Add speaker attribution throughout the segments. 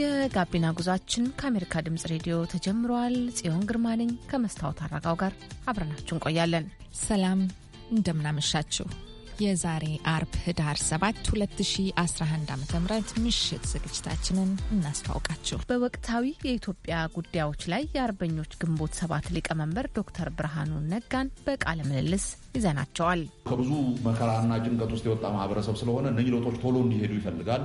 Speaker 1: የጋቢና ጉዟችን ከአሜሪካ ድምጽ ሬዲዮ ተጀምረዋል። ጽዮን ግርማ ነኝ ከመስታወት አረጋው ጋር አብረናችሁ እንቆያለን።
Speaker 2: ሰላም እንደምናመሻችሁ። የዛሬ አርብ ህዳር 7 2011
Speaker 1: ዓ ም ምሽት ዝግጅታችንን እናስታውቃችሁ። በወቅታዊ የኢትዮጵያ ጉዳዮች ላይ የአርበኞች ግንቦት ሰባት ሊቀመንበር ዶክተር ብርሃኑ ነጋን በቃለ ምልልስ ይዘናቸዋል።
Speaker 3: ከብዙ መከራና ጭንቀት ውስጥ የወጣ ማህበረሰብ ስለሆነ እነኚህ ለውጦች ቶሎ እንዲሄዱ ይፈልጋል።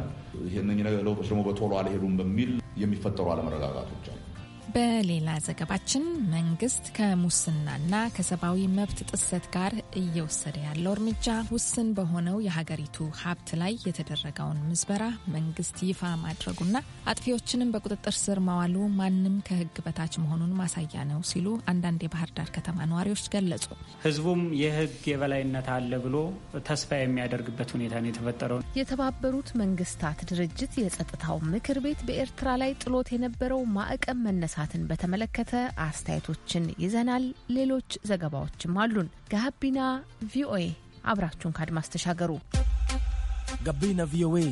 Speaker 3: እነኚህ ለውጦች ደግሞ በቶሎ አልሄዱም በሚል የሚፈጠሩ አለመረጋጋቶች አሉ።
Speaker 2: በሌላ ዘገባችን መንግስት ከሙስናና ከሰብአዊ መብት ጥሰት ጋር እየወሰደ ያለው እርምጃ ውስን በሆነው የሀገሪቱ ሀብት ላይ የተደረገውን ምዝበራ መንግስት ይፋ ማድረጉና አጥፊዎችንም በቁጥጥር ስር ማዋሉ ማንም ከህግ በታች መሆኑን ማሳያ ነው ሲሉ አንዳንድ የባህር ዳር ከተማ ነዋሪዎች ገለጹ።
Speaker 4: ህዝቡም የህግ የበላይነት አለ ብሎ ተስፋ የሚያደርግበት ሁኔታ ነው የተፈጠረው።
Speaker 1: የተባበሩት መንግስታት ድርጅት የጸጥታው ምክር ቤት በኤርትራ ላይ ጥሎት የነበረው ማዕቀብ መነሳ መነካካትን በተመለከተ አስተያየቶችን ይዘናል። ሌሎች ዘገባዎችም አሉን። ጋቢና ቪኦኤ አብራችሁን ከአድማስ ተሻገሩ።
Speaker 5: ጋቢና ቪኦኤ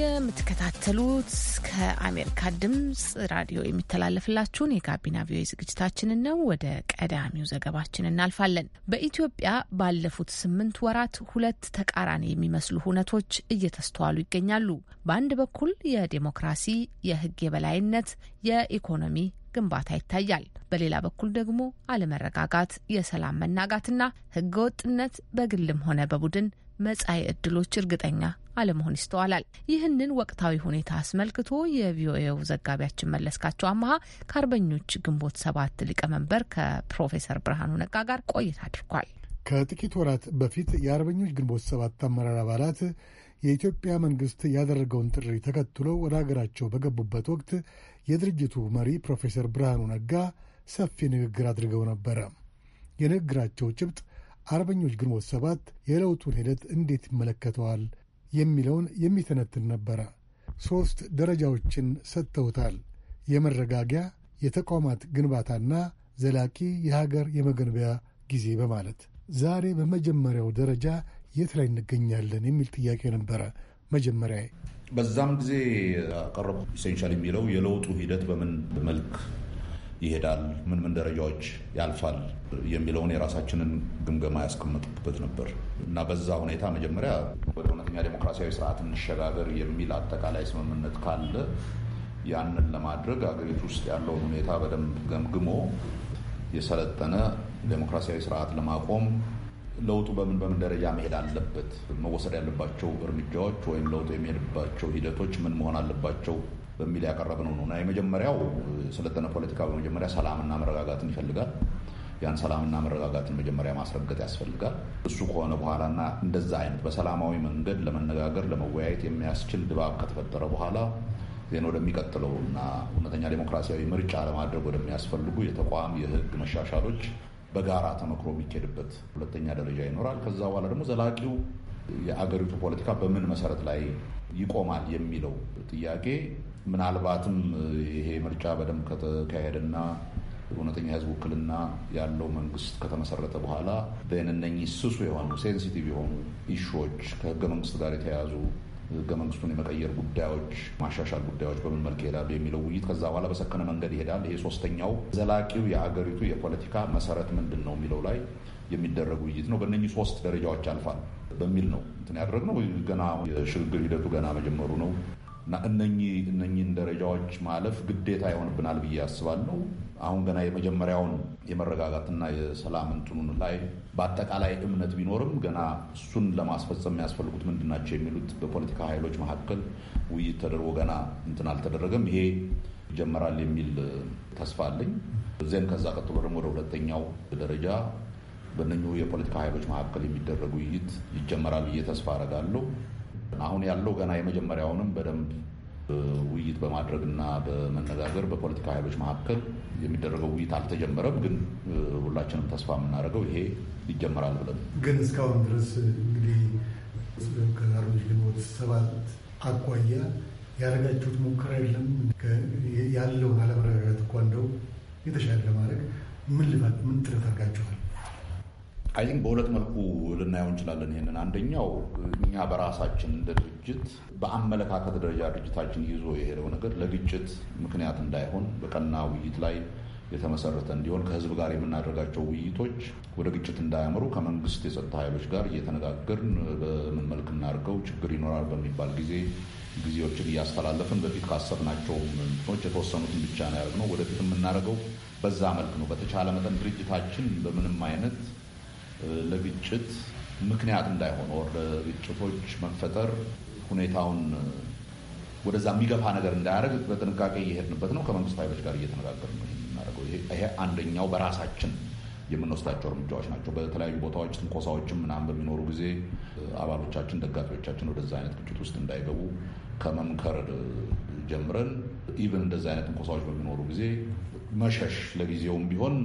Speaker 1: የምትከታተ የምትከታተሉት ከአሜሪካ ድምፅ ራዲዮ የሚተላለፍላችሁን የጋቢና ቪኦኤ ዝግጅታችንን ነው። ወደ ቀዳሚው ዘገባችን እናልፋለን። በኢትዮጵያ ባለፉት ስምንት ወራት ሁለት ተቃራኒ የሚመስሉ ሁነቶች እየተስተዋሉ ይገኛሉ። በአንድ በኩል የዴሞክራሲ የህግ የበላይነት የኢኮኖሚ ግንባታ ይታያል። በሌላ በኩል ደግሞ አለመረጋጋት፣ የሰላም መናጋትና ህገወጥነት በግልም ሆነ በቡድን መጻኢ ዕድሎች እርግጠኛ አለመሆን ይስተዋላል። ይህንን ወቅታዊ ሁኔታ አስመልክቶ የቪኦኤው ዘጋቢያችን መለስካቸው አመሀ ከአርበኞች ግንቦት ሰባት ሊቀመንበር ከፕሮፌሰር ብርሃኑ ነጋ ጋር ቆይታ አድርጓል። ከጥቂት ወራት በፊት
Speaker 6: የአርበኞች ግንቦት ሰባት አመራር አባላት የኢትዮጵያ መንግስት ያደረገውን ጥሪ ተከትሎ ወደ ሀገራቸው በገቡበት ወቅት የድርጅቱ መሪ ፕሮፌሰር ብርሃኑ ነጋ ሰፊ ንግግር አድርገው ነበረ። የንግግራቸው ጭብጥ አርበኞች ግንቦት ሰባት የለውጡን ሂደት እንዴት ይመለከተዋል? የሚለውን የሚተነትን ነበረ። ሦስት ደረጃዎችን ሰጥተውታል። የመረጋጊያ፣ የተቋማት ግንባታና ዘላቂ የሀገር የመገንቢያ ጊዜ በማለት ዛሬ በመጀመሪያው ደረጃ የት ላይ እንገኛለን የሚል ጥያቄ ነበረ። መጀመሪያ
Speaker 3: በዛም ጊዜ ያቀረቡ ኢሴንሻል የሚለው የለውጡ ሂደት በምን መልክ ይሄዳል፣ ምን ምን ደረጃዎች ያልፋል የሚለውን የራሳችንን ግምገማ ያስቀመጥኩበት ነበር እና በዛ ሁኔታ መጀመሪያ ወደ እውነተኛ ዴሞክራሲያዊ ስርዓት እንሸጋገር የሚል አጠቃላይ ስምምነት ካለ ያንን ለማድረግ አገሪቱ ውስጥ ያለውን ሁኔታ በደንብ ገምግሞ የሰለጠነ ዴሞክራሲያዊ ስርዓት ለማቆም ለውጡ በምን በምን ደረጃ መሄድ አለበት፣ መወሰድ ያለባቸው እርምጃዎች ወይም ለውጡ የሚሄድባቸው ሂደቶች ምን መሆን አለባቸው በሚል ያቀረብነው ነው እና የመጀመሪያው የሰለጠነ ፖለቲካ በመጀመሪያ ሰላምና መረጋጋትን ይፈልጋል። ያን ሰላምና መረጋጋትን መጀመሪያ ማስረገጥ ያስፈልጋል። እሱ ከሆነ በኋላና እንደዛ አይነት በሰላማዊ መንገድ ለመነጋገር ለመወያየት የሚያስችል ድባብ ከተፈጠረ በኋላ ዜና ወደሚቀጥለው እና እውነተኛ ዴሞክራሲያዊ ምርጫ ለማድረግ ወደሚያስፈልጉ የተቋም የህግ መሻሻሎች በጋራ ተመክሮ የሚኬድበት ሁለተኛ ደረጃ ይኖራል። ከዛ በኋላ ደግሞ ዘላቂው የአገሪቱ ፖለቲካ በምን መሰረት ላይ ይቆማል የሚለው ጥያቄ ምናልባትም ይሄ ምርጫ በደንብ ከተካሄደና እውነተኛ የህዝብ ውክልና ያለው መንግስት ከተመሰረተ በኋላ በንነኝ ስሱ የሆኑ ሴንሲቲቭ የሆኑ ኢሹዎች ከህገ መንግስት ጋር የተያያዙ ህገ መንግስቱን የመቀየር ጉዳዮች፣ ማሻሻል ጉዳዮች በምን መልክ ይሄዳሉ የሚለው ውይይት ከዛ በኋላ በሰከነ መንገድ ይሄዳል። ይሄ ሶስተኛው ዘላቂው የአገሪቱ የፖለቲካ መሰረት ምንድን ነው የሚለው ላይ የሚደረግ ውይይት ነው። በእነኚህ ሶስት ደረጃዎች አልፋል በሚል ነው እንትን ያደረግነው። ገና የሽግግር ሂደቱ ገና መጀመሩ ነው። እና እነኚህ እነኚህን ደረጃዎች ማለፍ ግዴታ ይሆንብናል ብዬ አስባለሁ። አሁን ገና የመጀመሪያውን የመረጋጋትና የሰላም እንትኑን ላይ በአጠቃላይ እምነት ቢኖርም ገና እሱን ለማስፈጸም የሚያስፈልጉት ምንድን ናቸው የሚሉት በፖለቲካ ኃይሎች መካከል ውይይት ተደርጎ ገና እንትን አልተደረገም። ይሄ ይጀመራል የሚል ተስፋ አለኝ። ዜን ከዛ ቀጥሎ ደግሞ ወደ ሁለተኛው ደረጃ በእነኚሁ የፖለቲካ ኃይሎች መካከል የሚደረግ ውይይት ይጀመራል ብዬ ተስፋ አረጋለሁ። አሁን ያለው ገና የመጀመሪያውንም በደንብ ውይይት በማድረግና በመነጋገር በፖለቲካ ኃይሎች መካከል የሚደረገው ውይይት አልተጀመረም። ግን ሁላችንም ተስፋ የምናደርገው ይሄ ይጀመራል ብለን
Speaker 6: ግን እስካሁን ድረስ እንግዲህ ከአርበኞች ግንቦት ሰባት አኳያ ያደረጋችሁት ሙከራ የለም? ያለውን አለመረጋጋት እኳ እንደው የተሻለ ለማድረግ ምን ልባት ምን ጥረት አድርጋችኋል?
Speaker 3: አይን በሁለት መልኩ ልናየው እንችላለን ይሄንን። አንደኛው እኛ በራሳችን እንደ ድርጅት በአመለካከት ደረጃ ድርጅታችን ይዞ የሄደው ነገር ለግጭት ምክንያት እንዳይሆን በቀና ውይይት ላይ የተመሰረተ እንዲሆን ከህዝብ ጋር የምናደርጋቸው ውይይቶች ወደ ግጭት እንዳያምሩ ከመንግስት የጸጥታ ኃይሎች ጋር እየተነጋገርን በምን መልክ እናድርገው ችግር ይኖራል በሚባል ጊዜ ጊዜዎችን እያስተላለፍን በፊት ካሰብናቸው ምኖች የተወሰኑትን ብቻ ነው ያደርግነው። ወደፊት የምናደርገው በዛ መልክ ነው። በተቻለ መጠን ድርጅታችን በምንም አይነት ለግጭት ምክንያት እንዳይሆን ወር ለግጭቶች መፈጠር ሁኔታውን ወደዛ የሚገፋ ነገር እንዳያደርግ በጥንቃቄ እየሄድንበት ነው። ከመንግስት ኃይሎች ጋር እየተነጋገር ነው የምናደርገው። ይሄ አንደኛው በራሳችን የምንወስዳቸው እርምጃዎች ናቸው። በተለያዩ ቦታዎች ትንኮሳዎችም ምናምን በሚኖሩ ጊዜ አባሎቻችን፣ ደጋፊዎቻችን ወደዛ አይነት ግጭት ውስጥ እንዳይገቡ ከመምከር ጀምረን ኢቨን እንደዛ አይነት ትንኮሳዎች በሚኖሩ ጊዜ መሸሽ ለጊዜውም ቢሆን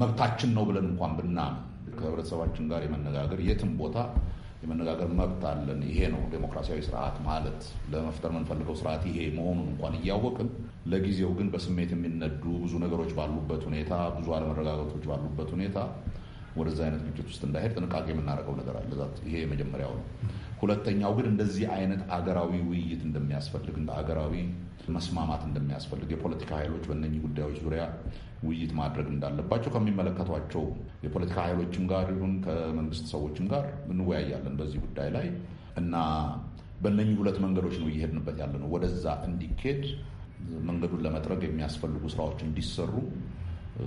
Speaker 3: መብታችን ነው ብለን እንኳን ብናምን ከህብረተሰባችን ጋር የመነጋገር የትም ቦታ የመነጋገር መብት አለን። ይሄ ነው ዴሞክራሲያዊ ስርዓት ማለት ለመፍጠር የምንፈልገው ስርዓት ይሄ መሆኑን እንኳን እያወቅን ለጊዜው ግን በስሜት የሚነዱ ብዙ ነገሮች ባሉበት ሁኔታ፣ ብዙ አለመረጋጋቶች ባሉበት ሁኔታ ወደዛ አይነት ግጭት ውስጥ እንዳይሄድ ጥንቃቄ የምናደርገው ነገር አለ። ይሄ የመጀመሪያው ነው። ሁለተኛው ግን እንደዚህ አይነት አገራዊ ውይይት እንደሚያስፈልግ እንደ አገራዊ መስማማት እንደሚያስፈልግ የፖለቲካ ኃይሎች በእነኚህ ጉዳዮች ዙሪያ ውይይት ማድረግ እንዳለባቸው ከሚመለከቷቸው የፖለቲካ ኃይሎችም ጋር ይሁን ከመንግስት ሰዎችም ጋር እንወያያለን በዚህ ጉዳይ ላይ እና በእነኚህ ሁለት መንገዶች ነው እየሄድንበት ያለ ነው። ወደዛ እንዲኬድ መንገዱን ለመጥረግ የሚያስፈልጉ ስራዎች እንዲሰሩ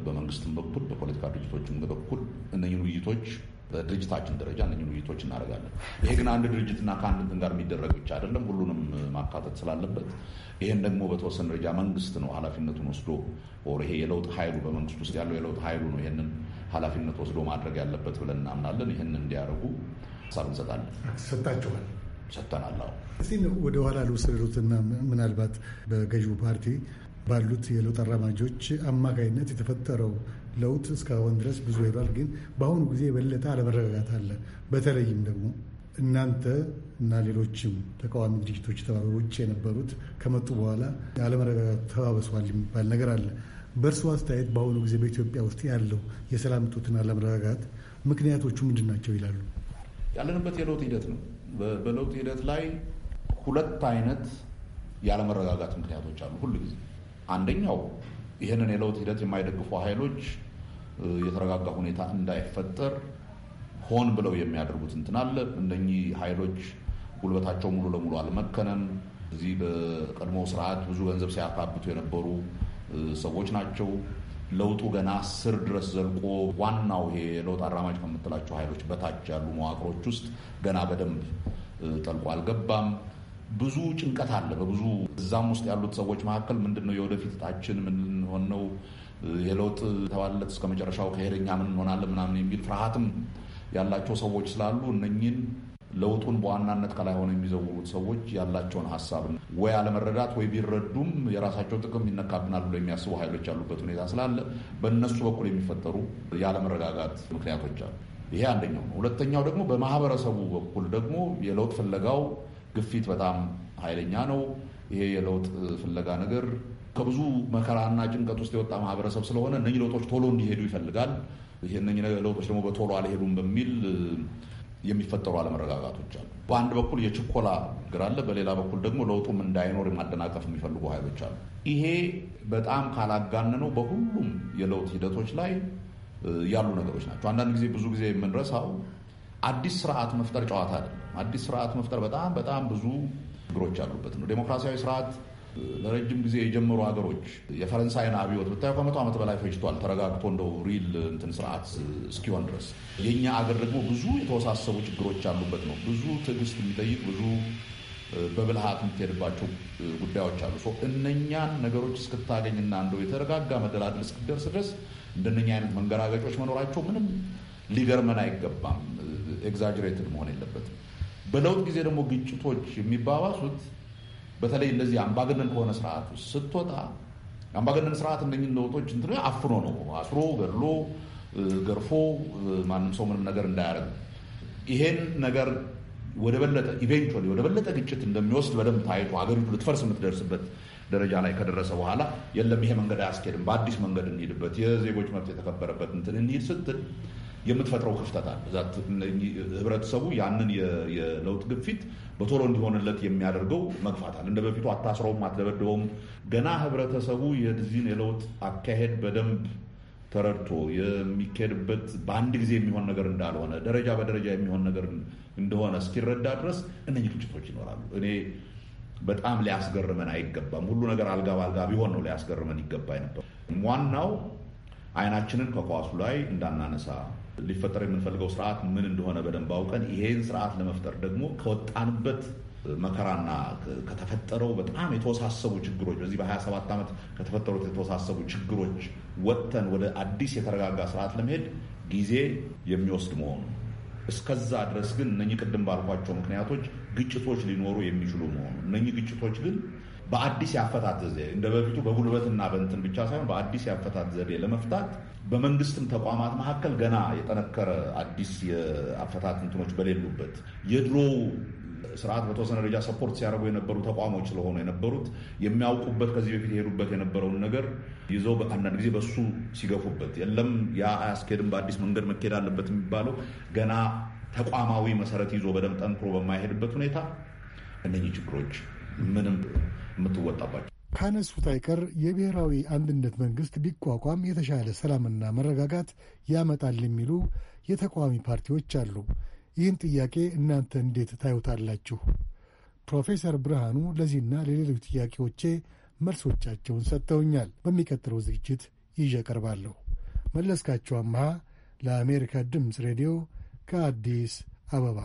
Speaker 3: በመንግስትም በኩል በፖለቲካ ድርጅቶችም በኩል እነኚህን ውይይቶች በድርጅታችን ደረጃ እነኝን ውይይቶች እናደርጋለን። ይሄ ግን አንድ ድርጅትና ከአንድ እንትን ጋር የሚደረግ ብቻ አይደለም፣ ሁሉንም ማካተት ስላለበት ይህን ደግሞ በተወሰነ ደረጃ መንግስት ነው ኃላፊነቱን ወስዶ ይሄ የለውጥ ኃይሉ በመንግስት ውስጥ ያለው የለውጥ ኃይሉ ነው ይህንን ኃላፊነት ወስዶ ማድረግ ያለበት ብለን እናምናለን። ይህን እንዲያደርጉ ሀሳብ እንሰጣለን። ሰጥታችኋል? ሰጥተናል።
Speaker 6: እዚህ ወደ ምናልባት በገዢው ፓርቲ ባሉት የለውጥ አራማጆች አማካይነት የተፈጠረው ለውጥ እስካሁን ድረስ ብዙ ሄዷል። ግን በአሁኑ ጊዜ የበለጠ አለመረጋጋት አለ። በተለይም ደግሞ እናንተ እና ሌሎችም ተቃዋሚ ድርጅቶች ተባ ውጭ የነበሩት ከመጡ በኋላ አለመረጋጋት ተባብሷል የሚባል ነገር አለ። በእርስዎ አስተያየት በአሁኑ ጊዜ በኢትዮጵያ ውስጥ ያለው የሰላም እጦትና አለመረጋጋት ምክንያቶቹ ምንድን ናቸው ይላሉ?
Speaker 3: ያለንበት የለውጥ ሂደት ነው። በለውጥ ሂደት ላይ ሁለት አይነት የአለመረጋጋት ምክንያቶች አሉ ሁል ጊዜ አንደኛው ይህንን የለውጥ ሂደት የማይደግፉ ኃይሎች የተረጋጋ ሁኔታ እንዳይፈጠር ሆን ብለው የሚያደርጉት እንትን አለ። እነኚህ ኃይሎች ጉልበታቸው ሙሉ ለሙሉ አልመከነም። እዚህ በቀድሞ ስርዓት ብዙ ገንዘብ ሲያካብቱ የነበሩ ሰዎች ናቸው። ለውጡ ገና ስር ድረስ ዘልቆ ዋናው ይሄ ለውጥ አራማጅ ከምትላቸው ኃይሎች በታች ያሉ መዋቅሮች ውስጥ ገና በደንብ ጠልቆ አልገባም። ብዙ ጭንቀት አለ በብዙ እዛም ውስጥ ያሉት ሰዎች መካከል ምንድን ነው የወደፊት እጣችን ምን ሆን ነው የለውጥ ለውጥ ተባለለት እስከ መጨረሻው ከሄደኛ ምን እንሆናለን ምናምን የሚል ፍርሃትም ያላቸው ሰዎች ስላሉ እነኝን ለውጡን በዋናነት ከላይ ሆነ የሚዘውሩት ሰዎች ያላቸውን ሀሳብ ወይ አለመረዳት ወይ ቢረዱም የራሳቸው ጥቅም ይነካብናል ብሎ የሚያስቡ ኃይሎች ያሉበት ሁኔታ ስላለ በእነሱ በኩል የሚፈጠሩ የአለመረጋጋት ምክንያቶች አሉ። ይሄ አንደኛው ነው። ሁለተኛው ደግሞ በማህበረሰቡ በኩል ደግሞ የለውጥ ፍለጋው ግፊት በጣም ኃይለኛ ነው። ይሄ የለውጥ ፍለጋ ነገር ከብዙ መከራና ጭንቀት ውስጥ የወጣ ማህበረሰብ ስለሆነ እነኚህ ለውጦች ቶሎ እንዲሄዱ ይፈልጋል። እነኚህ ለውጦች ደግሞ በቶሎ አልሄዱም በሚል የሚፈጠሩ አለመረጋጋቶች አሉ። በአንድ በኩል የችኮላ ግር አለ፣ በሌላ በኩል ደግሞ ለውጡም እንዳይኖር የማደናቀፍ የሚፈልጉ ኃይሎች አሉ። ይሄ በጣም ካላጋነነው በሁሉም የለውጥ ሂደቶች ላይ ያሉ ነገሮች ናቸው። አንዳንድ ጊዜ ብዙ ጊዜ የምንረሳው አዲስ ስርዓት መፍጠር ጨዋታ አይደለም። አዲስ ስርዓት መፍጠር በጣም በጣም ብዙ ችግሮች ያሉበት ነው። ዴሞክራሲያዊ ስርዓት ለረጅም ጊዜ የጀመሩ ሀገሮች የፈረንሳይን አብዮት ብታየው ከመቶ ዓመት በላይ ፈጅቷል ተረጋግቶ እንደው ሪል እንትን ስርዓት እስኪሆን ድረስ። የእኛ አገር ደግሞ ብዙ የተወሳሰቡ ችግሮች አሉበት ነው። ብዙ ትዕግስት የሚጠይቅ ብዙ በብልሃት የምትሄድባቸው ጉዳዮች አሉ። እነኛን ነገሮች እስክታገኝና እንደው የተረጋጋ መደላድል እስክደርስ ድረስ እንደነኛ አይነት መንገራገጮች መኖራቸው ምንም ሊገርመን አይገባም። ኤግዛጅሬትድ መሆን የለበትም። በለውጥ ጊዜ ደግሞ ግጭቶች የሚባባሱት በተለይ እንደዚህ አምባገነን ከሆነ ስርዓት ውስጥ ስትወጣ አምባገነን ስርዓት እነኝን ለውጦች እንትን አፍኖ ነው አስሮ ገድሎ ገርፎ ማንም ሰው ምንም ነገር እንዳያደርግ ይሄን ነገር ወደ በለጠ ኢቬንቹዋሊ ወደ በለጠ ግጭት እንደሚወስድ በደንብ ታይቶ ሀገሪቱ ልትፈርስ የምትደርስበት ደረጃ ላይ ከደረሰ በኋላ የለም ይሄ መንገድ አያስኬድም፣ በአዲስ መንገድ እንሂድበት፣ የዜጎች መብት የተከበረበት እንትን እንሂድ ስትል የምትፈጥረው ክፍተት አለ። ህብረተሰቡ ያንን የለውጥ ግፊት በቶሎ እንዲሆንለት የሚያደርገው አለ። እንደ በፊቱ አታስረውም፣ አትደበድበውም። ገና ህብረተሰቡ የዚህን የለውጥ አካሄድ በደንብ ተረድቶ የሚካሄድበት በአንድ ጊዜ የሚሆን ነገር እንዳልሆነ ደረጃ በደረጃ የሚሆን ነገር እንደሆነ እስኪረዳ ድረስ እነኚህ ግጭቶች ይኖራሉ። እኔ በጣም ሊያስገርመን አይገባም። ሁሉ ነገር አልጋ በአልጋ ቢሆን ነው ሊያስገርመን ይገባ ነበር። ዋናው አይናችንን ከኳሱ ላይ እንዳናነሳ ሊፈጠር የምንፈልገው ስርዓት ምን እንደሆነ በደንብ አውቀን ይሄን ስርዓት ለመፍጠር ደግሞ ከወጣንበት መከራና ከተፈጠረው በጣም የተወሳሰቡ ችግሮች በዚህ በ27 ዓመት ከተፈጠሩት የተወሳሰቡ ችግሮች ወጥተን ወደ አዲስ የተረጋጋ ስርዓት ለመሄድ ጊዜ የሚወስድ መሆኑ እስከዛ ድረስ ግን እነኚህ ቅድም ባልኳቸው ምክንያቶች ግጭቶች ሊኖሩ የሚችሉ መሆኑ እነኚህ ግጭቶች ግን በአዲስ ያፈታት ዘዴ እንደ በፊቱ በጉልበትና በእንትን ብቻ ሳይሆን በአዲስ ያፈታት ዘዴ ለመፍታት በመንግስትም ተቋማት መካከል ገና የጠነከረ አዲስ የአፈታት እንትኖች በሌሉበት የድሮ ስርዓት በተወሰነ ደረጃ ሰፖርት ሲያደርጉ የነበሩ ተቋሞች ስለሆኑ የነበሩት የሚያውቁበት ከዚህ በፊት የሄዱበት የነበረውን ነገር ይዘው አንዳንድ ጊዜ በሱ ሲገፉበት የለም ያ አያስኬድም፣ በአዲስ መንገድ መካሄድ አለበት የሚባለው ገና ተቋማዊ መሰረት ይዞ በደንብ ጠንክሮ በማይሄድበት ሁኔታ እነኚህ ችግሮች ምንም የምትወጣባቸው
Speaker 6: ካነሱት አይቀር የብሔራዊ አንድነት መንግስት ቢቋቋም የተሻለ ሰላምና መረጋጋት ያመጣል የሚሉ የተቃዋሚ ፓርቲዎች አሉ። ይህን ጥያቄ እናንተ እንዴት ታዩታላችሁ? ፕሮፌሰር ብርሃኑ ለዚህና ለሌሎች ጥያቄዎቼ መልሶቻቸውን ሰጥተውኛል። በሚቀጥለው ዝግጅት ይዤ ቀርባለሁ። መለስካቸው አምሃ ለአሜሪካ ድምፅ ሬዲዮ ከአዲስ አበባ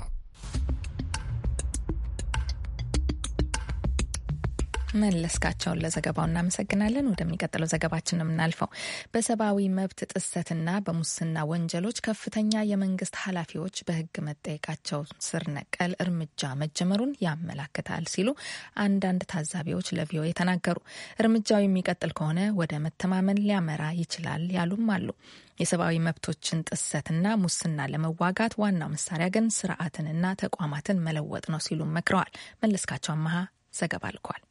Speaker 2: መለስካቸውን ለዘገባው እናመሰግናለን። ወደሚቀጥለው ዘገባችን የምናልፈው በሰብአዊ መብት ጥሰትና በሙስና ወንጀሎች ከፍተኛ የመንግስት ኃላፊዎች በህግ መጠየቃቸው ስር ነቀል እርምጃ መጀመሩን ያመላክታል ሲሉ አንዳንድ ታዛቢዎች ለቪኦኤ ተናገሩ። እርምጃው የሚቀጥል ከሆነ ወደ መተማመን ሊያመራ ይችላል ያሉም አሉ። የሰብአዊ መብቶችን ጥሰትና ሙስና ለመዋጋት ዋናው መሳሪያ ግን ስርዓትንና ተቋማትን መለወጥ ነው ሲሉም መክረዋል። መለስካቸው አመሃ ዘገባ ልኳል።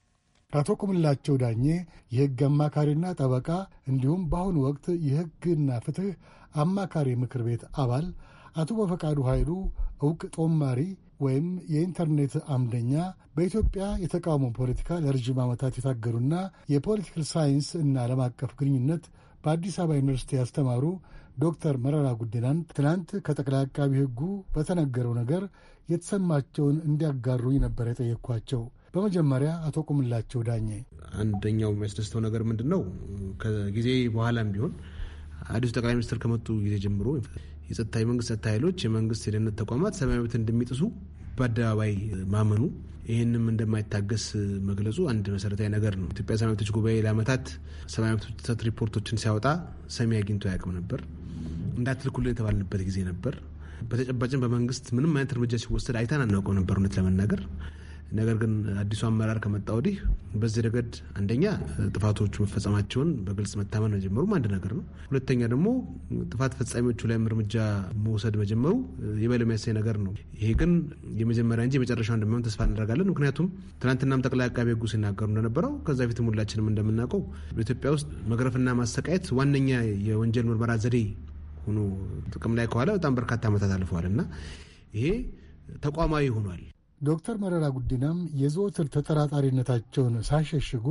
Speaker 6: አቶ ቁምላቸው ዳኜ የሕግ አማካሪና ጠበቃ እንዲሁም በአሁኑ ወቅት የሕግና ፍትሕ አማካሪ ምክር ቤት አባል፣ አቶ በፈቃዱ ኃይሉ እውቅ ጦማሪ ወይም የኢንተርኔት አምደኛ፣ በኢትዮጵያ የተቃውሞ ፖለቲካ ለረዥም ዓመታት የታገሉና የፖለቲካል ሳይንስ እና ዓለም አቀፍ ግንኙነት በአዲስ አበባ ዩኒቨርሲቲ ያስተማሩ ዶክተር መረራ ጉዲናን ትናንት ከጠቅላይ አቃቢ ሕጉ በተነገረው ነገር የተሰማቸውን እንዲያጋሩኝ ነበር የጠየቅኳቸው። በመጀመሪያ አቶ ቁምላቸው ዳኘ።
Speaker 7: አንደኛው የሚያስደስተው ነገር ምንድን ነው? ከጊዜ በኋላም ቢሆን አዲሱ ጠቅላይ ሚኒስትር ከመጡ ጊዜ ጀምሮ የጸጥታ የመንግስት ጸጥታ ኃይሎች የመንግስት የደህንነት ተቋማት ሰብአዊ መብት እንደሚጥሱ በአደባባይ ማመኑ ይህንም እንደማይታገስ መግለጹ አንድ መሰረታዊ ነገር ነው። ኢትዮጵያ ሰብአዊ መብቶች ጉባኤ ለዓመታት ሰብአዊ መብቶች ጥሰት ሪፖርቶችን ሲያወጣ ሰሚ አግኝቶ አያውቅም ነበር። እንዳትልኩልን የተባልንበት ጊዜ ነበር። በተጨባጭም በመንግስት ምንም አይነት እርምጃ ሲወሰድ አይተን አናውቀው ነበር እውነት ለመናገር ነገር ግን አዲሱ አመራር ከመጣ ወዲህ በዚህ ረገድ አንደኛ ጥፋቶቹ መፈጸማቸውን በግልጽ መታመን መጀመሩም አንድ ነገር ነው። ሁለተኛ ደግሞ ጥፋት ፈጻሚዎቹ ላይም እርምጃ መውሰድ መጀመሩ የበለ የሚያሳይ ነገር ነው። ይሄ ግን የመጀመሪያ እንጂ የመጨረሻ እንደሚሆን ተስፋ እናደርጋለን። ምክንያቱም ትናንትናም ጠቅላይ አቃቤ ሕጉ ሲናገሩ እንደነበረው ከዛ ፊትም ሁላችንም እንደምናውቀው በኢትዮጵያ ውስጥ መግረፍና ማሰቃየት ዋነኛ የወንጀል
Speaker 6: ምርመራ ዘዴ ሆኖ ጥቅም ላይ ከኋላ በጣም በርካታ ዓመታት አልፈዋል እና ይሄ ተቋማዊ ሆኗል። ዶክተር መረራ ጉዲናም የዘወትር ተጠራጣሪነታቸውን ሳሸሽጉ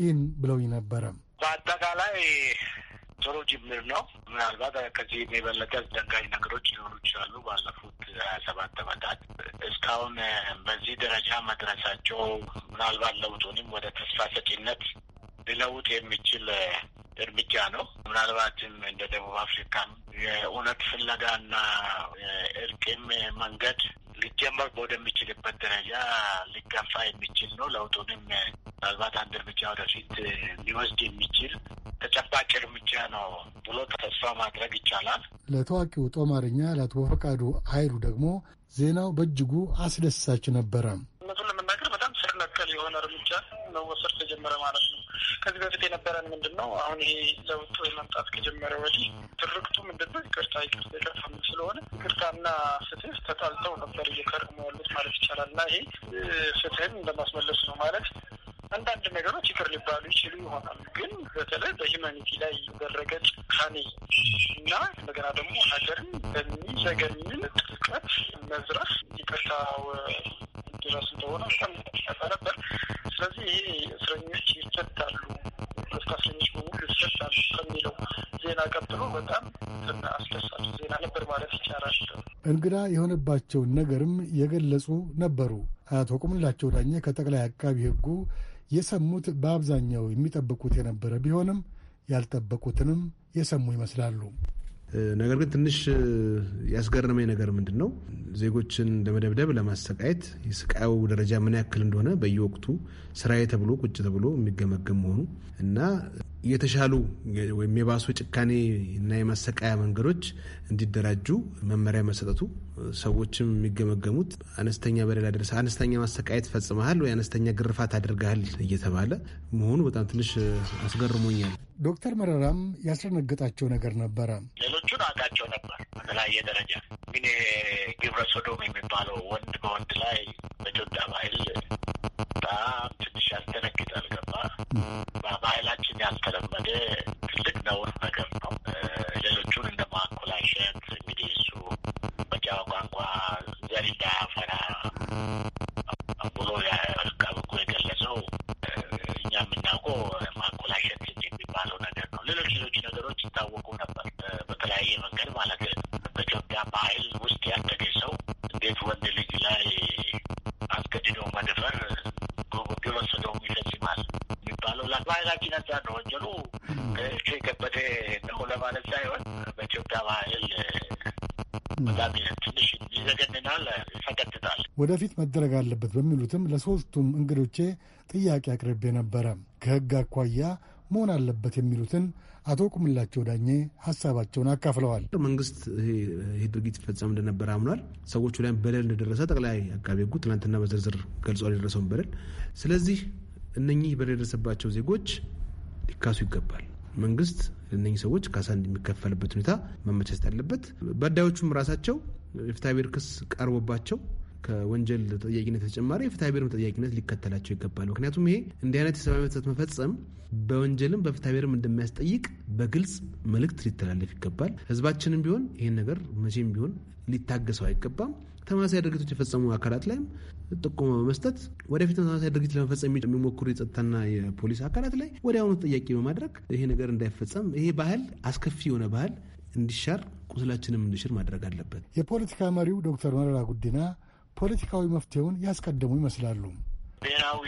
Speaker 6: ይህን ብለው ነበረ። በአጠቃላይ
Speaker 5: ጥሩ ጅምር ነው። ምናልባት ከዚህ የበለጠ አስደንጋጭ ነገሮች ሊሆኑ ይችላሉ። ባለፉት ሀያ ሰባት ዓመታት እስካሁን በዚህ ደረጃ መድረሳቸው ምናልባት ለውጡንም ወደ ተስፋ ሰጪነት ሊለውጥ የሚችል እርምጃ ነው። ምናልባትም እንደ ደቡብ አፍሪካም የእውነት ፍለጋና እርቅም መንገድ ሊጀመር ወደሚችልበት ደረጃ ሊገፋ የሚችል ነው። ለውጡንም ምናልባት አንድ እርምጃ ወደፊት ሊወስድ የሚችል ተጨባጭ እርምጃ ነው ብሎ ተስፋ ማድረግ
Speaker 6: ይቻላል። ለታዋቂው ጦማርኛ ለአቶ በፈቃዱ ኃይሉ ደግሞ ዜናው በእጅጉ አስደሳች ነበረ። እውነቱን ለመናገር በጣም ስር ነቀል
Speaker 5: የሆነ እርምጃ መወሰድ ተጀመረ ማለት ከዚህ በፊት የነበረን ምንድን ነው? አሁን ይሄ ለውጡ የመምጣት ከጀመረ ወዲህ ትርክቱ ምንድን ነው? ይቅርታ ይቅርታ የለፋም ስለሆነ ይቅርታና ፍትህ ተጣልተው ነበር እየከርሙ ያሉት ማለት ይቻላል። እና ይሄ ፍትህን እንደማስመለሱ ነው ማለት አንዳንድ ነገሮች ይቅር ሊባሉ ይችሉ ይሆናል። ግን በተለይ በሂማኒቲ ላይ የተደረገ ጭካኔ እና እንደገና ደግሞ ሀገርን በሚዘገንን ጥልቀት መዝረፍ ይቅርታ ድረስ እንደሆነ በጣም ነበር ስለዚህ ይህ እስረኞች ይፈታሉ፣ እስረኞች በሙሉ ይፈታሉ ከሚለው ዜና ቀጥሎ በጣም አስደሳች ዜና ነበር ማለት ይቻላል።
Speaker 6: እንግዳ የሆነባቸውን ነገርም የገለጹ ነበሩ። አቶ ቁምላቸው ዳኘ ከጠቅላይ አቃቢ ሕጉ የሰሙት በአብዛኛው የሚጠብቁት የነበረ ቢሆንም ያልጠበቁትንም የሰሙ ይመስላሉ።
Speaker 7: ነገር ግን ትንሽ ያስገረመኝ ነገር ምንድን ነው ዜጎችን ለመደብደብ ለማሰቃየት የስቃዩ ደረጃ ምን ያክል እንደሆነ በየወቅቱ ስራዬ ተብሎ ቁጭ ተብሎ የሚገመገም መሆኑ እና የተሻሉ ወይም የባሱ ጭካኔ እና የማሰቃያ መንገዶች እንዲደራጁ መመሪያ መሰጠቱ ሰዎችም የሚገመገሙት አነስተኛ በደል ደረሰ፣ አነስተኛ ማሰቃየት ፈጽመሃል ወይ አነስተኛ ግርፋት አድርገሃል እየተባለ መሆኑ በጣም ትንሽ አስገርሞኛል።
Speaker 6: ዶክተር መረራም ያስደነገጣቸው ነገር ነበረ። ሌሎቹን አውቃቸው ነበር በተለያየ ደረጃ
Speaker 5: ግን ግብረ ሶዶም የሚባለው ወንድ በወንድ ላይ በኢትዮጵያ ባህል በጣም ትንሽ ያስደነግጣል። ገባ በባህላችን ያልተለመደ ትልቅ ነውር ነገር ነው። ሌሎቹን እንደ ማኮላሸት እንግዲህ እሱ በጃዋ ቋንቋ ዘር እንዳያፈራ ብሎ
Speaker 6: መደረግ አለበት በሚሉትም ለሶስቱም እንግዶቼ ጥያቄ አቅርቤ ነበረ። ከህግ አኳያ መሆን አለበት የሚሉትን አቶ ቁምላቸው ዳኜ ሀሳባቸውን አካፍለዋል።
Speaker 7: መንግስት ይሄ ድርጊት ፈጸም እንደነበረ አምኗል። ሰዎቹ ላይም በደል እንደደረሰ ጠቅላይ አቃቤ ህጉ ትናንትና በዝርዝር ገልጿል የደረሰውን በደል። ስለዚህ እነኚህ በደል የደረሰባቸው ዜጎች ሊካሱ ይገባል። መንግስት እነኚህ ሰዎች ካሳ እንደሚከፈልበት ሁኔታ መመቻቸት አለበት። በዳዮቹም ራሳቸው የፍትሐ ብሔር ክስ ቀርቦባቸው ከወንጀል ተጠያቂነት በተጨማሪ የፍትሐ ብሔርም ተጠያቂነት ሊከተላቸው ይገባል። ምክንያቱም ይሄ እንዲህ አይነት የሰብአዊ መብት ጥሰት መፈጸም በወንጀልም በፍትሐ ብሔርም እንደሚያስጠይቅ በግልጽ መልእክት ሊተላለፍ ይገባል። ህዝባችንም ቢሆን ይህን ነገር መቼም ቢሆን ሊታገሰው አይገባም። ተመሳሳይ ድርጊቶች የፈጸሙ አካላት ላይም ጥቆማ በመስጠት ወደፊት ተመሳሳይ ድርጊት ለመፈጸም የሚሞክሩ የጸጥታና የፖሊስ አካላት ላይ ወዲያውኑ ተጠያቂ በማድረግ ይሄ ነገር እንዳይፈጸም ይሄ ባህል አስከፊ የሆነ ባህል
Speaker 6: እንዲሻር ቁስላችንም እንዲሽር ማድረግ አለበት። የፖለቲካ መሪው ዶክተር መረራ ጉዲና ፖለቲካዊ መፍትሄውን ያስቀደሙ ይመስላሉ።
Speaker 5: ብሔራዊ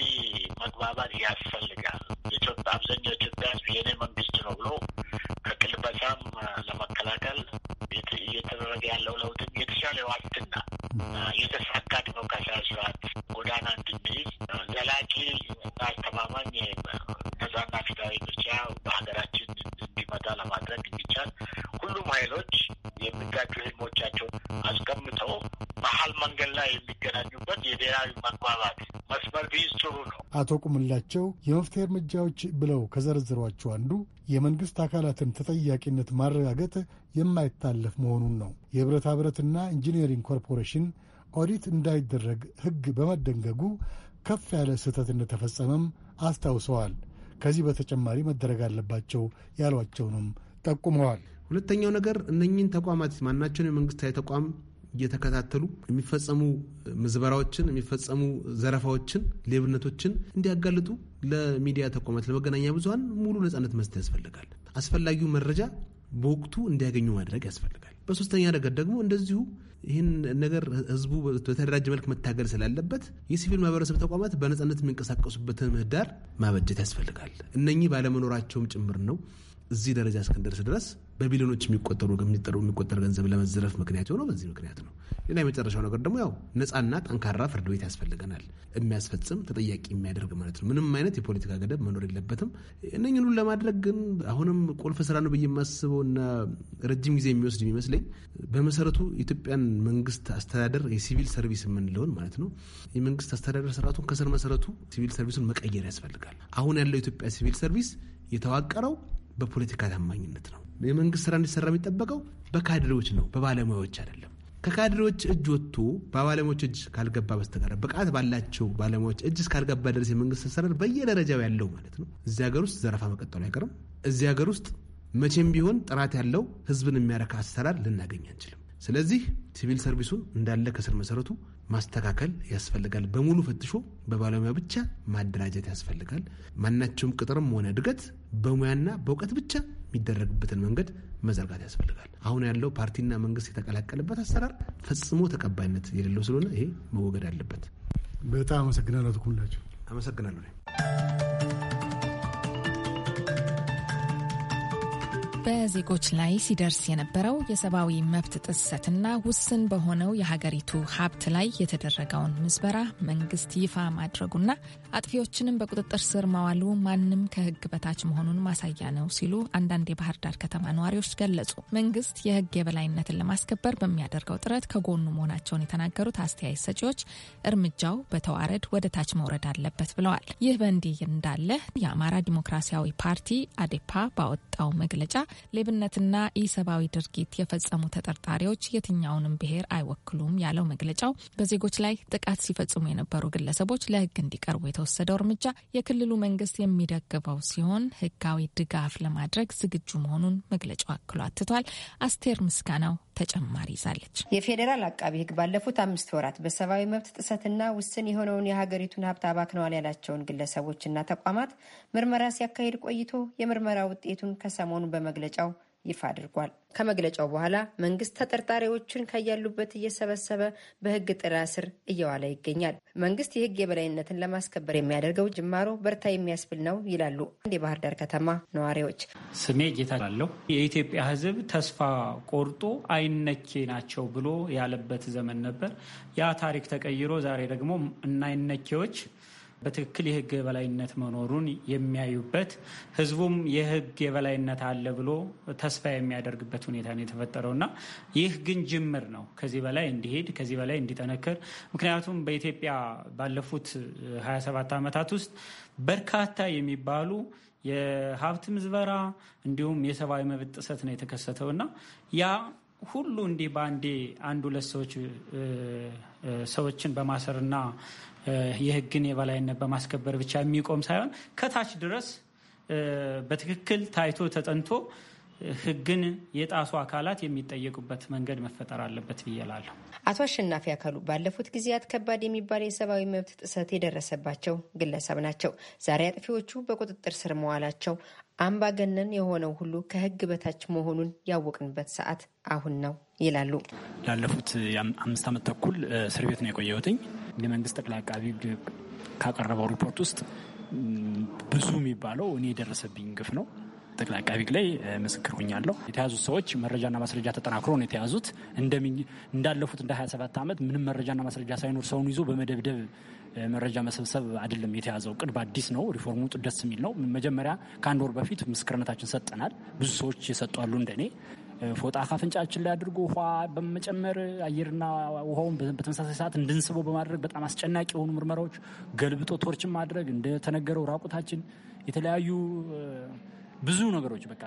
Speaker 5: መግባባት ያስፈልጋል። ኢትዮጵያ አብዛኛው ኢትዮጵያ ሕዝብ የኔ መንግስት ነው ብሎ ከቅልበሳም ለመከላከል እየተደረገ ያለው ለውጥም የተሻለ ዋስትና የተሳካ ዲሞክራሲያዊ ስርዓት ጎዳና እንድንይዝ ዘላቂ እና አስተማማኝ ነጻና ፍትሃዊ ምርጫ በሀገራችን እንዲመጣ ለማድረግ እንዲቻል ሁሉም ኃይሎች የሚጋጩ
Speaker 6: የሚደረስበት የብሔራዊ መግባባት መስመር ቢይዝ ጥሩ ነው። አቶ ቁምላቸው የመፍትሄ እርምጃዎች ብለው ከዘረዝሯቸው አንዱ የመንግስት አካላትን ተጠያቂነት ማረጋገጥ የማይታለፍ መሆኑን ነው። የብረታ ብረትና ኢንጂነሪንግ ኮርፖሬሽን ኦዲት እንዳይደረግ ሕግ በመደንገጉ ከፍ ያለ ስህተት እንደተፈጸመም አስታውሰዋል። ከዚህ በተጨማሪ መደረግ አለባቸው ያሏቸውንም ጠቁመዋል።
Speaker 7: ሁለተኛው ነገር እነኚህን ተቋማት ማናቸውን የመንግስታዊ ተቋም እየተከታተሉ የሚፈጸሙ ምዝበራዎችን፣ የሚፈጸሙ ዘረፋዎችን፣ ሌብነቶችን እንዲያጋልጡ ለሚዲያ ተቋማት፣ ለመገናኛ ብዙሀን ሙሉ ነጻነት መስጠት ያስፈልጋል። አስፈላጊው መረጃ በወቅቱ እንዲያገኙ ማድረግ ያስፈልጋል። በሶስተኛ ነገር ደግሞ እንደዚሁ ይህን ነገር ህዝቡ በተደራጀ መልክ መታገል ስላለበት የሲቪል ማህበረሰብ ተቋማት በነጻነት የሚንቀሳቀሱበትን ምህዳር ማበጀት ያስፈልጋል። እነኚህ ባለመኖራቸውም ጭምር ነው እዚህ ደረጃ እስክንደርስ ድረስ በቢሊዮኖች የሚቆጠሩ የሚቆጠር ገንዘብ ለመዘረፍ ምክንያት የሆነው በዚህ ምክንያት ነው። ሌላ የመጨረሻው ነገር ደግሞ ያው ነፃና ጠንካራ ፍርድ ቤት ያስፈልገናል። የሚያስፈጽም ተጠያቂ የሚያደርግ ማለት ነው። ምንም አይነት የፖለቲካ ገደብ መኖር የለበትም። ሁሉ ለማድረግ ግን አሁንም ቁልፍ ስራ ነው ብዬ የማስበው እና ረጅም ጊዜ የሚወስድ የሚመስለኝ በመሰረቱ ኢትዮጵያን መንግስት አስተዳደር የሲቪል ሰርቪስ የምንለውን ማለት ነው የመንግስት አስተዳደር ስርዓቱን ከስር መሰረቱ ሲቪል ሰርቪሱን መቀየር ያስፈልጋል። አሁን ያለው የኢትዮጵያ ሲቪል ሰርቪስ የተዋቀረው በፖለቲካ ታማኝነት ነው። የመንግስት ስራ እንዲሰራ የሚጠበቀው በካድሬዎች ነው፣ በባለሙያዎች አይደለም። ከካድሬዎች እጅ ወጥቶ በባለሙያዎች እጅ ካልገባ በስተቀር ብቃት ባላቸው ባለሙያዎች እጅ እስካልገባ ድረስ የመንግስት አሰራር በየደረጃው ያለው ማለት ነው እዚህ ሀገር ውስጥ ዘረፋ መቀጠሉ አይቀርም። እዚህ ሀገር ውስጥ መቼም ቢሆን ጥራት ያለው ህዝብን የሚያረካ አሰራር ልናገኝ አንችልም። ስለዚህ ሲቪል ሰርቪሱን እንዳለ ከስር መሰረቱ ማስተካከል ያስፈልጋል። በሙሉ ፈትሾ በባለሙያ ብቻ ማደራጀት ያስፈልጋል። ማናቸውም ቅጥርም ሆነ እድገት በሙያና በእውቀት ብቻ የሚደረግበትን መንገድ መዘርጋት ያስፈልጋል። አሁን ያለው ፓርቲና መንግስት የተቀላቀለበት አሰራር ፈጽሞ ተቀባይነት የሌለው ስለሆነ ይሄ
Speaker 6: መወገድ አለበት። በጣም አመሰግናለሁ። ትኩላቸው
Speaker 7: አመሰግናለሁ።
Speaker 2: በዜጎች ላይ ሲደርስ የነበረው የሰብአዊ መብት ጥሰትና ውስን በሆነው የሀገሪቱ ሀብት ላይ የተደረገውን ምዝበራ መንግስት ይፋ ማድረጉና አጥፊዎችንም በቁጥጥር ስር ማዋሉ ማንም ከህግ በታች መሆኑን ማሳያ ነው ሲሉ አንዳንድ የባህር ዳር ከተማ ነዋሪዎች ገለጹ። መንግስት የህግ የበላይነትን ለማስከበር በሚያደርገው ጥረት ከጎኑ መሆናቸውን የተናገሩት አስተያየት ሰጪዎች እርምጃው በተዋረድ ወደ ታች መውረድ አለበት ብለዋል። ይህ በእንዲህ እንዳለ የአማራ ዲሞክራሲያዊ ፓርቲ አዴፓ ባወጣው መግለጫ ሌብነትና ኢሰብአዊ ድርጊት የፈጸሙ ተጠርጣሪዎች የትኛውንም ብሔር አይወክሉም ያለው መግለጫው በዜጎች ላይ ጥቃት ሲፈጽሙ የነበሩ ግለሰቦች ለሕግ እንዲቀርቡ የተወሰደው እርምጃ የክልሉ መንግስት የሚደግፈው ሲሆን ሕጋዊ ድጋፍ ለማድረግ ዝግጁ መሆኑን መግለጫው አክሎ አትቷል። አስቴር ምስጋናው ተጨማሪ ይዛለች።
Speaker 8: የፌዴራል አቃቢ ሕግ ባለፉት አምስት ወራት በሰብአዊ መብት ጥሰትና ውስን የሆነውን የሀገሪቱን ሀብት አባክነዋል ያላቸውን ግለሰቦችና ተቋማት ምርመራ ሲያካሄድ ቆይቶ የምርመራ ውጤቱን ከሰሞኑ በመግለ መግለጫው ይፋ አድርጓል። ከመግለጫው በኋላ መንግስት ተጠርጣሪዎቹን ከያሉበት እየሰበሰበ በህግ ጥላ ስር እየዋለ ይገኛል። መንግስት የህግ የበላይነትን ለማስከበር የሚያደርገው ጅማሮ በርታ የሚያስብል ነው ይላሉ አንድ የባህር ዳር ከተማ ነዋሪዎች።
Speaker 4: ስሜ ጌታ ላለው የኢትዮጵያ ህዝብ ተስፋ ቆርጦ አይነኬ ናቸው ብሎ ያለበት ዘመን ነበር። ያ ታሪክ ተቀይሮ ዛሬ ደግሞ እናይነኬዎች በትክክል የህግ የበላይነት መኖሩን የሚያዩበት ህዝቡም የህግ የበላይነት አለ ብሎ ተስፋ የሚያደርግበት ሁኔታ ነው የተፈጠረው እና ይህ ግን ጅምር ነው ከዚህ በላይ እንዲሄድ ከዚህ በላይ እንዲጠነክር። ምክንያቱም በኢትዮጵያ ባለፉት 27 ዓመታት ውስጥ በርካታ የሚባሉ የሀብት ምዝበራ እንዲሁም የሰብአዊ መብት ጥሰት ነው የተከሰተው እና ያ ሁሉ እንዲህ በአንዴ አንድ ሁለት ሰዎች ሰዎችን በማሰርና የህግን የበላይነት በማስከበር ብቻ የሚቆም ሳይሆን ከታች ድረስ በትክክል ታይቶ ተጠንቶ ህግን የጣሱ አካላት የሚጠየቁበት መንገድ መፈጠር አለበት ብዬ እላለሁ።
Speaker 8: አቶ አሸናፊ አካሉ ባለፉት ጊዜያት ከባድ የሚባል የሰብአዊ መብት ጥሰት የደረሰባቸው ግለሰብ ናቸው። ዛሬ አጥፊዎቹ በቁጥጥር ስር መዋላቸው አምባገነን የሆነው ሁሉ ከህግ በታች መሆኑን ያወቅንበት ሰዓት አሁን ነው ይላሉ።
Speaker 9: ላለፉት አምስት ዓመት ተኩል እስር ቤት ነው የቆየሁትኝ። የመንግስት ጠቅላይ አቃቢ ካቀረበው ሪፖርት ውስጥ ብዙ የሚባለው እኔ የደረሰብኝ ግፍ ነው። ጠቅላይ አቃቢ ላይ ምስክር ሆኛለሁ። የተያዙት ሰዎች መረጃና ማስረጃ ተጠናክሮ ነው የተያዙት። እንዳለፉት እንደ 27 ዓመት ምንም መረጃና ማስረጃ ሳይኖር ሰውን ይዞ በመደብደብ መረጃ መሰብሰብ አይደለም የተያዘው። ቅድ በአዲስ ነው። ሪፎርሙ ደስ የሚል ነው። መጀመሪያ ከአንድ ወር በፊት ምስክርነታችን ሰጠናል። ብዙ ሰዎች የሰጧሉ እንደኔ ፎጣ ካፍንጫችን ላይ አድርጎ ውሃ በመጨመር አየርና ውሃውን በተመሳሳይ ሰዓት እንድንስበው በማድረግ በጣም አስጨናቂ የሆኑ ምርመራዎች ገልብጦ ቶርችን ማድረግ እንደተነገረው ራቁታችን የተለያዩ ብዙ ነገሮች በቃ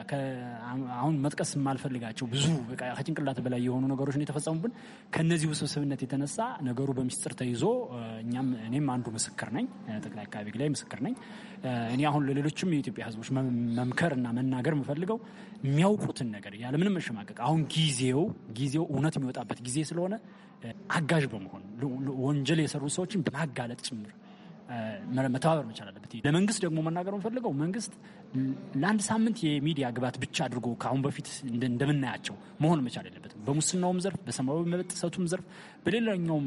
Speaker 9: አሁን መጥቀስ የማልፈልጋቸው ብዙ በቃ ከጭንቅላት በላይ የሆኑ ነገሮች ነው የተፈጸሙብን። ከነዚህ ውስብስብነት የተነሳ ነገሩ በሚስጥር ተይዞ እኛም እኔም አንዱ ምስክር ነኝ፣ ጠቅላይ አካባቢ ላይ ምስክር ነኝ። እኔ አሁን ለሌሎችም የኢትዮጵያ ሕዝቦች መምከር እና መናገር የምፈልገው የሚያውቁትን ነገር ያለምንም መሸማቀቅ አሁን ጊዜው ጊዜው እውነት የሚወጣበት ጊዜ ስለሆነ አጋዥ በመሆን ወንጀል የሰሩ ሰዎችን በማጋለጥ ጭምር መተባበር መቻል አለበት። ለመንግስት ደግሞ መናገር የምፈልገው መንግስት ለአንድ ሳምንት የሚዲያ ግብዓት ብቻ አድርጎ ከአሁን በፊት እንደምናያቸው መሆን መቻል የለበትም። በሙስናውም ዘርፍ፣ በሰብአዊ መብት ጥሰቱም ዘርፍ፣ በሌላኛውም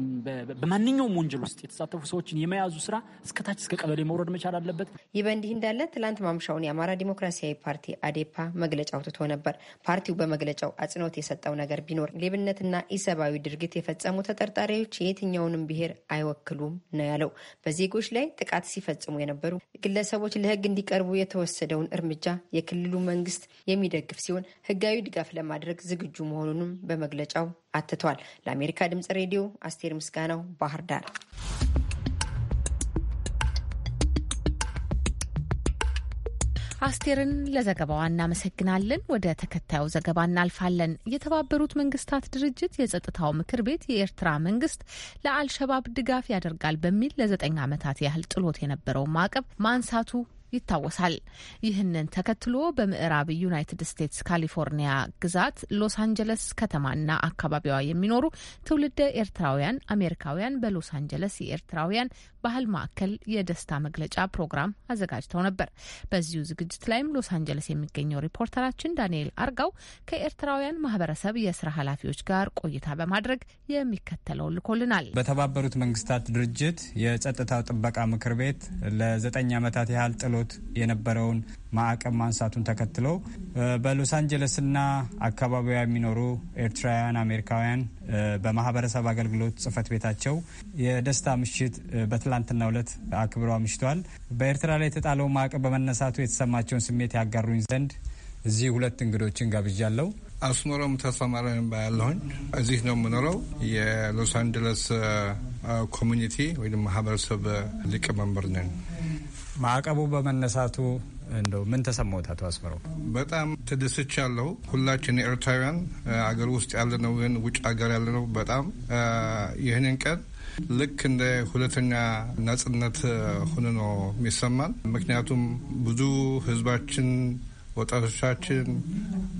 Speaker 8: በማንኛውም ወንጀል ውስጥ የተሳተፉ ሰዎችን የመያዙ ስራ እስከታች እስከ ቀበሌ መውረድ መቻል አለበት። ይህ በእንዲህ እንዳለ ትላንት ማምሻውን የአማራ ዲሞክራሲያዊ ፓርቲ አዴፓ መግለጫ አውጥቶ ነበር። ፓርቲው በመግለጫው አጽንኦት የሰጠው ነገር ቢኖር ሌብነትና ኢሰብአዊ ድርጊት የፈጸሙ ተጠርጣሪዎች የትኛውንም ብሔር አይወክሉም ነው ያለው። በዜጎች ላይ ጥቃት ሲፈጽሙ የነበሩ ግለሰቦች ለህግ እንዲቀርቡ የተወሰደው የተወሰደውን እርምጃ የክልሉ መንግስት የሚደግፍ ሲሆን ህጋዊ ድጋፍ ለማድረግ ዝግጁ መሆኑንም በመግለጫው አትቷል። ለአሜሪካ ድምጽ ሬዲዮ አስቴር ምስጋናው ባህር ዳር።
Speaker 1: አስቴርን ለዘገባዋ እናመሰግናለን። ወደ ተከታዩ ዘገባ እናልፋለን። የተባበሩት መንግስታት ድርጅት የጸጥታው ምክር ቤት የኤርትራ መንግስት ለአልሸባብ ድጋፍ ያደርጋል በሚል ለዘጠኝ ዓመታት ያህል ጥሎት የነበረውን ማዕቀብ ማንሳቱ ይታወሳል። ይህንን ተከትሎ በምዕራብ ዩናይትድ ስቴትስ ካሊፎርኒያ ግዛት ሎስ አንጀለስ ከተማና አካባቢዋ የሚኖሩ ትውልደ ኤርትራውያን አሜሪካውያን በሎስ አንጀለስ የኤርትራውያን ባህል ማዕከል የደስታ መግለጫ ፕሮግራም አዘጋጅተው ነበር። በዚሁ ዝግጅት ላይም ሎስ አንጀለስ የሚገኘው ሪፖርተራችን ዳንኤል አርጋው ከኤርትራውያን ማህበረሰብ የስራ ኃላፊዎች ጋር ቆይታ በማድረግ የሚከተለው ልኮልናል።
Speaker 10: በተባበሩት መንግስታት ድርጅት የጸጥታው ጥበቃ ምክር ቤት ለዘጠኝ ዓመታት ያህል ጥሎት ፍላጎት የነበረውን ማዕቀብ ማንሳቱን ተከትሎ በሎስ አንጀለስና አካባቢዋ የሚኖሩ ኤርትራውያን አሜሪካውያን በማህበረሰብ አገልግሎት ጽህፈት ቤታቸው የደስታ ምሽት በትላንትናው ዕለት አክብሮ አምሽቷል። በኤርትራ ላይ የተጣለው ማዕቀብ በመነሳቱ የተሰማቸውን ስሜት ያጋሩኝ ዘንድ እዚህ ሁለት እንግዶችን ጋብዣለሁ።
Speaker 11: አስኖረም ተሰማረ ባያለሁኝ እዚህ ነው የምኖረው። የሎስ አንጀለስ ኮሚኒቲ ወይም ማህበረሰብ ሊቀመንበር ነን።
Speaker 10: ማዕቀቡ በመነሳቱ እንደው ምን ተሰማዎት አቶ አስመረው?
Speaker 11: በጣም ተደስቻለሁ። ሁላችን ኤርትራውያን አገር ውስጥ ያለነው ይህን ውጭ ሀገር ያለነው በጣም ይህንን ቀን ልክ እንደ ሁለተኛ ነጻነት ሆኖ ነው የሚሰማን። ምክንያቱም ብዙ ህዝባችን ወጣቶቻችን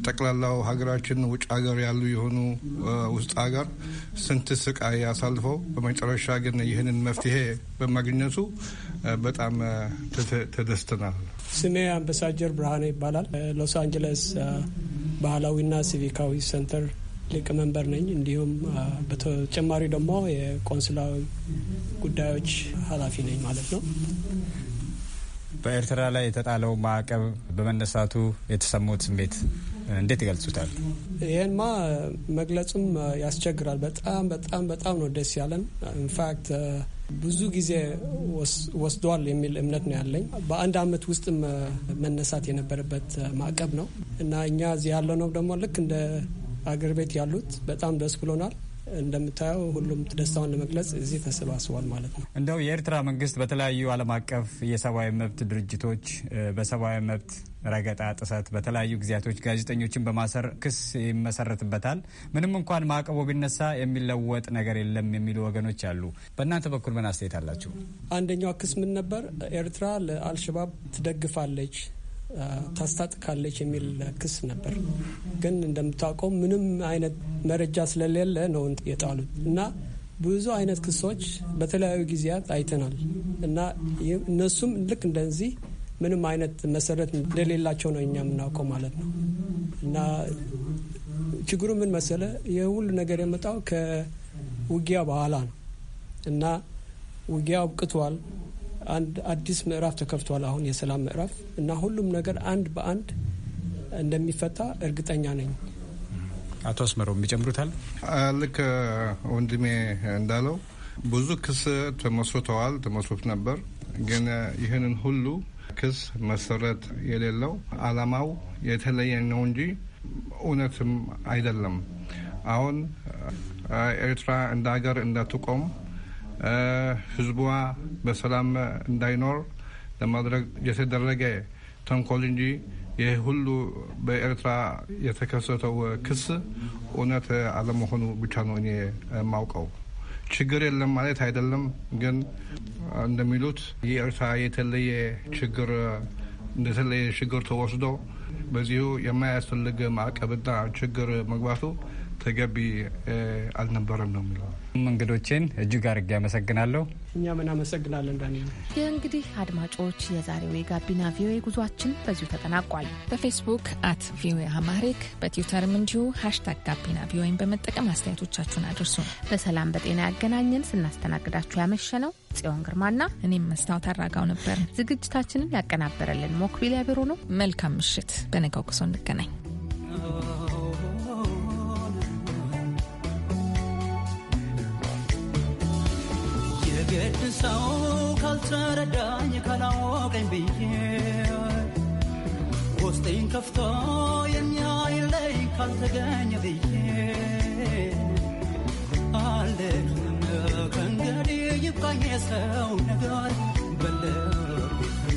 Speaker 11: ጠቅላላው ሀገራችን ውጭ ሀገር ያሉ የሆኑ ውስጥ ሀገር ስንት ስቃይ አሳልፈው በመጨረሻ ግን ይህንን መፍትሄ በማግኘቱ በጣም ተደስተናል።
Speaker 12: ስሜ አምባሳጀር ብርሃኔ ይባላል። ሎስ አንጀለስ ባህላዊና ሲቪካዊ ሴንተር ሊቀመንበር ነኝ። እንዲሁም በተጨማሪ ደግሞ የቆንስላዊ ጉዳዮች ኃላፊ ነኝ ማለት ነው።
Speaker 10: በኤርትራ ላይ የተጣለው ማዕቀብ በመነሳቱ የተሰሙት ስሜት እንዴት ይገልጹታል?
Speaker 12: ይህንማ መግለጹም ያስቸግራል። በጣም በጣም በጣም ነው ደስ ያለን። ኢንፋክት ብዙ ጊዜ ወስደዋል የሚል እምነት ነው ያለኝ። በአንድ አመት ውስጥም መነሳት የነበረበት ማዕቀብ ነው እና እኛ እዚህ ያለነው ደግሞ ልክ እንደ አገር ቤት ያሉት በጣም ደስ ብሎናል። እንደምታየው ሁሉም ደስታውን ለመግለጽ እዚህ ተሰባስቧል ማለት ነው።
Speaker 10: እንደው የኤርትራ መንግስት በተለያዩ ዓለም አቀፍ የሰብአዊ መብት ድርጅቶች በሰብአዊ መብት ረገጣ ጥሰት በተለያዩ ጊዜያቶች ጋዜጠኞችን በማሰር ክስ ይመሰረትበታል። ምንም እንኳን ማዕቀቡ ቢነሳ የሚለወጥ ነገር የለም የሚሉ ወገኖች አሉ። በእናንተ በኩል ምን አስተያየት አላችሁ?
Speaker 12: አንደኛው ክስ ምን ነበር? ኤርትራ ለአልሸባብ ትደግፋለች ታስታጥቃለች የሚል ክስ ነበር። ግን እንደምታውቀው ምንም አይነት መረጃ ስለሌለ ነው የጣሉት እና ብዙ አይነት ክሶች በተለያዩ ጊዜያት አይተናል እና እነሱም ልክ እንደዚህ ምንም አይነት መሰረት እንደሌላቸው ነው እኛ የምናውቀው ማለት ነው። እና ችግሩ ምን መሰለ፣ የሁሉ ነገር የመጣው ከውጊያ በኋላ ነው እና ውጊያ አብቅቷል። አንድ አዲስ ምዕራፍ ተከፍቷል። አሁን የሰላም ምዕራፍ እና ሁሉም ነገር አንድ በአንድ እንደሚፈታ እርግጠኛ ነኝ።
Speaker 11: አቶ አስመረው የሚጨምሩታል። ልክ ወንድሜ እንዳለው ብዙ ክስ ተመስርተዋል፣ ተመስርቶ ነበር። ግን ይህንን ሁሉ ክስ መሰረት የሌለው አላማው የተለየ ነው እንጂ እውነትም አይደለም። አሁን ኤርትራ እንደ ሀገር እንደትቆም ህዝቧ በሰላም እንዳይኖር ለማድረግ የተደረገ ተንኮል እንጂ ይህ ሁሉ በኤርትራ የተከሰተው ክስ እውነት አለመሆኑ ብቻ ነው እኔ የማውቀው። ችግር የለም ማለት አይደለም፣ ግን እንደሚሉት የኤርትራ የተለየ ችግር እንደተለየ ችግር ተወስዶ በዚሁ የማያስፈልግ ማዕቀብና ችግር መግባቱ ተገቢ አልነበረም ነው የሚለው። እንግዶቼን እጅግ አድርጌ
Speaker 10: አመሰግናለሁ። እኛም እናመሰግናለን ዳንኤል።
Speaker 1: እንግዲህ አድማጮች፣ የዛሬው የጋቢና
Speaker 2: ቪኦኤ ጉዟችን በዚሁ ተጠናቋል። በፌስቡክ አት ቪኦኤ አማሪክ በትዊተርም እንዲሁ ሀሽታግ ጋቢና ቪኦኤን በመጠቀም አስተያየቶቻችሁን አድርሱ። በሰላም በጤና ያገናኘን። ስናስተናግዳችሁ ያመሸ ነው ጽዮን ግርማና እኔም መስታወት አራጋው ነበር። ዝግጅታችንን ያቀናበረልን ሞክቢል ያቢሮ ነው። መልካም ምሽት። በነገው ክሶ እንገናኝ።
Speaker 9: ሰው ካልተረዳኝ ካላወቀኝ ብዬ ውስጤን ከፍቶ የሚያይለኝ ካልተገኘ ብዬ አልደግም ከእንግዲህ
Speaker 11: ይብቃኝ የሰው ነገር በለቤት